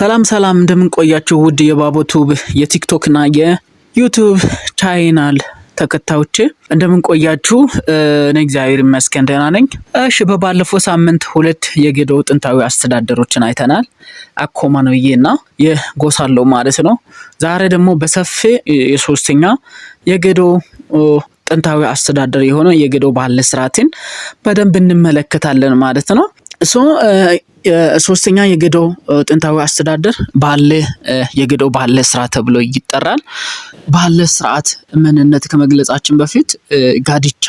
ሰላም ሰላም፣ እንደምንቆያችሁ ውድ የባቦቱብ የቲክቶክና የዩቱብ ቻይናል ተከታዮች እንደምንቆያችሁ። እኔ እግዚአብሔር ይመስገን ደህና ነኝ። እሺ፣ በባለፈው ሳምንት ሁለት የጌዶ ጥንታዊ አስተዳደሮችን አይተናል። አኮማኖዬ እና የጎሳለው ማለት ነው። ዛሬ ደግሞ በሰፊ የሶስተኛ የጌዶ ጥንታዊ አስተዳደር የሆነ የጌዶ ባለስርዓትን በደንብ እንመለከታለን ማለት ነው። እሱ ሶስተኛ የገዶ ጥንታዊ አስተዳደር ባለ የገዶ ባለ ስራ ተብሎ ይጠራል። ባለ ስርዓት ምንነት ከመግለጻችን በፊት ጋዲቻ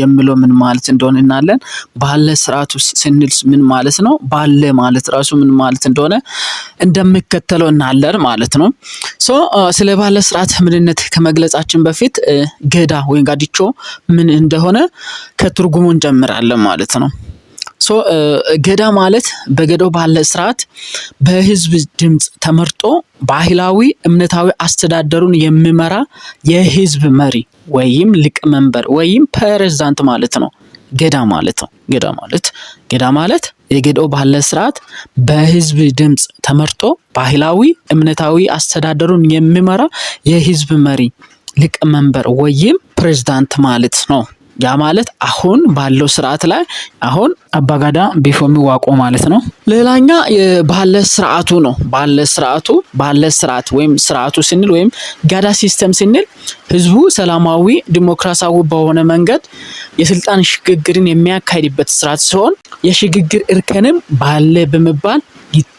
የሚለው ምን ማለት እንደሆነ እናለን ባለ ስርዓት ስንል ምን ማለት ነው? ባለ ማለት ራሱ ምን ማለት እንደሆነ እንደሚከተለው እናለን ማለት ነው። ሶ ስለ ባለ ስርዓት ምንነት ከመግለጻችን በፊት ገዳ ወይም ጋዲቾ ምን እንደሆነ ከትርጉሙ እንጀምራለን ማለት ነው። ገዳ ማለት በገዳው ባለ ስርዓት በህዝብ ድምፅ ተመርጦ ባህላዊ እምነታዊ አስተዳደሩን የሚመራ የህዝብ መሪ ወይም ሊቀመንበር ወይም ፕሬዝዳንት ማለት ነው። ገዳ ማለት ነው። ገዳ ማለት ገዳ ማለት የገዳው ባለ ስርዓት በህዝብ ድምፅ ተመርጦ ባህላዊ እምነታዊ አስተዳደሩን የሚመራ የህዝብ መሪ ሊቀመንበር ወይም ፕሬዝዳንት ማለት ነው። ያ ማለት አሁን ባለው ስርዓት ላይ አሁን አባጋዳ ቢፎ የሚዋቆ ማለት ነው። ሌላኛ ባለ ስርዓቱ ነው። ባለ ስርዓቱ ባለ ስርዓት ወይም ስርዓቱ ስንል ወይም ጋዳ ሲስተም ስንል ህዝቡ ሰላማዊ ዲሞክራሲያዊ በሆነ መንገድ የስልጣን ሽግግርን የሚያካሂድበት ስርዓት ሲሆን የሽግግር እርከንም ባለ በመባል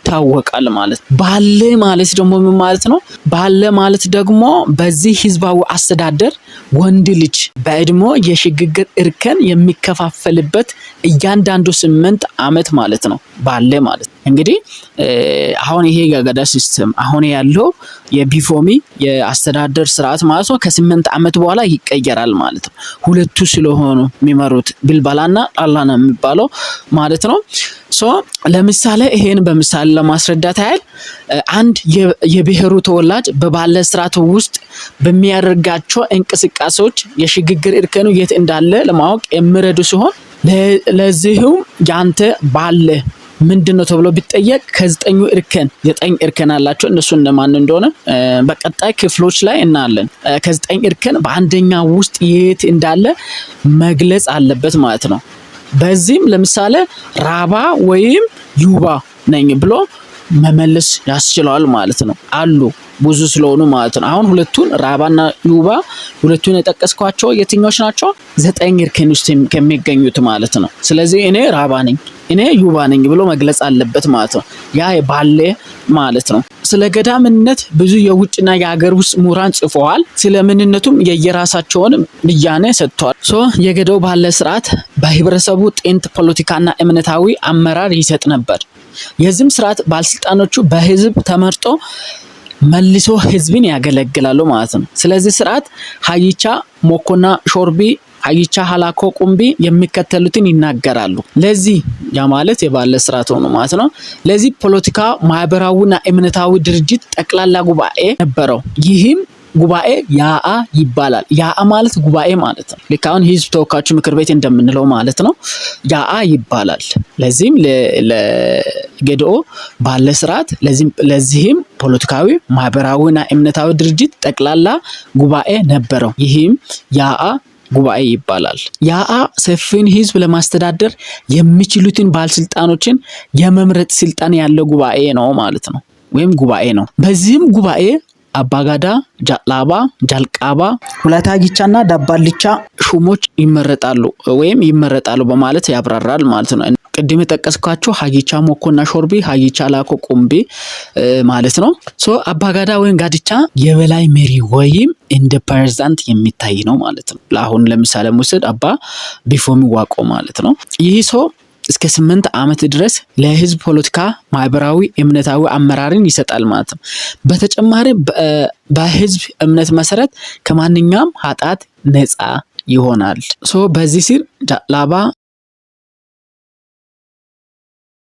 ይታወቃል ማለት ባለ ማለት ደግሞ ምን ማለት ነው? ባለ ማለት ደግሞ በዚህ ህዝባዊ አስተዳደር ወንድ ልጅ በእድሞ የሽግግር እርከን የሚከፋፈልበት እያንዳንዱ ስምንት ዓመት ማለት ነው። ባለ ማለት እንግዲህ አሁን ይሄ ገገዳ ሲስተም አሁን ያለው የቢፎሚ የአስተዳደር ስርዓት ማለት ነው ከስምንት ዓመት በኋላ ይቀየራል ማለት ነው። ሁለቱ ስለሆኑ የሚመሩት ብልባላና ጣላና የሚባለው ማለት ነው። ሶ ለምሳሌ ይሄን በምሳሌ ለማስረዳት ያህል አንድ የብሔሩ ተወላጅ በባለ ስርዓቱ ውስጥ በሚያደርጋቸው እንቅስቃሴዎች የሽግግር እርከኑ የት እንዳለ ለማወቅ የሚረዱ ሲሆን ለዚህም ያንተ ባለ ምንድን ነው ተብሎ ቢጠየቅ ከዘጠኙ እርከን ዘጠኝ እርከን አላቸው። እነሱ እነማን እንደሆነ በቀጣይ ክፍሎች ላይ እናያለን። ከዘጠኝ እርከን በአንደኛ ውስጥ የት እንዳለ መግለጽ አለበት ማለት ነው። በዚህም ለምሳሌ ራባ ወይም ዩባ ነኝ ብሎ መመለስ ያስችለዋል ማለት ነው አሉ ብዙ ስለሆኑ ማለት ነው። አሁን ሁለቱን ራባና ዩባ ሁለቱን የጠቀስኳቸው የትኞች ናቸው? ዘጠኝ እርከን ውስጥ ከሚገኙት ማለት ነው። ስለዚህ እኔ ራባ ነኝ፣ እኔ ዩባ ነኝ ብሎ መግለጽ አለበት ማለት ነው። ያ ባሌ ማለት ነው። ስለ ገዳምነት ብዙ የውጭና የሀገር ውስጥ ምሁራን ጽፈዋል። ስለ ምንነቱም የየራሳቸውን ብያኔ ሰጥተዋል። ሶ የገዳው ባለ ስርዓት በህብረተሰቡ ጤንት ፖለቲካና እምነታዊ አመራር ይሰጥ ነበር። የዚህም ስርዓት ባለስልጣኖቹ በህዝብ ተመርጦ መልሶ ህዝብን ያገለግላሉ ማለት ነው። ስለዚህ ስርዓት ሀይቻ ሞኮና ሾርቢ ሀይቻ ሀላኮ ቁምቢ የሚከተሉትን ይናገራሉ። ለዚህ ያ ማለት የባለ ስርዓት ሆኑ ማለት ነው። ለዚህ ፖለቲካ ማህበራዊና እምነታዊ ድርጅት ጠቅላላ ጉባኤ ነበረው። ይህም ጉባኤ ያአ ይባላል። ያአ ማለት ጉባኤ ማለት ነው። ልክ አሁን ህዝብ ተወካዮች ምክር ቤት እንደምንለው ማለት ነው። ያአ ይባላል። ለዚህም ገድኦ ባለ ስርዓት ለዚህም ፖለቲካዊ ማህበራዊና እምነታዊ ድርጅት ጠቅላላ ጉባኤ ነበረው። ይህም ያአ ጉባኤ ይባላል። ያአ ሰፊን ህዝብ ለማስተዳደር የሚችሉትን ባለስልጣኖችን የመምረጥ ስልጣን ያለው ጉባኤ ነው ማለት ነው ወይም ጉባኤ ነው። በዚህም ጉባኤ አባጋዳ፣ ጃላባ፣ ጃልቃባ፣ ሁለታጊቻ እና ዳባልቻ ሹሞች ይመረጣሉ ወይም ይመረጣሉ በማለት ያብራራል ማለት ነው። ቅድም የጠቀስኳቸው ሀጊቻ ሞኮና ሾርቢ፣ ሀጊቻ ላኮ ቁምቢ ማለት ነው። ሶ አባጋዳ ወይም ጋድቻ የበላይ መሪ ወይም እንደ ፕሬዝዳንት የሚታይ ነው ማለት ነው። ለአሁን ለምሳሌ ውሰድ አባ ቢፎሚ ዋቆ ማለት ነው። ይህ ሰው እስከ ስምንት ዓመት ድረስ ለህዝብ ፖለቲካ፣ ማህበራዊ፣ እምነታዊ አመራርን ይሰጣል ማለት ነው። በተጨማሪ በህዝብ እምነት መሰረት ከማንኛውም ኃጢአት ነፃ ይሆናል። ሶ በዚህ ሲል ላባ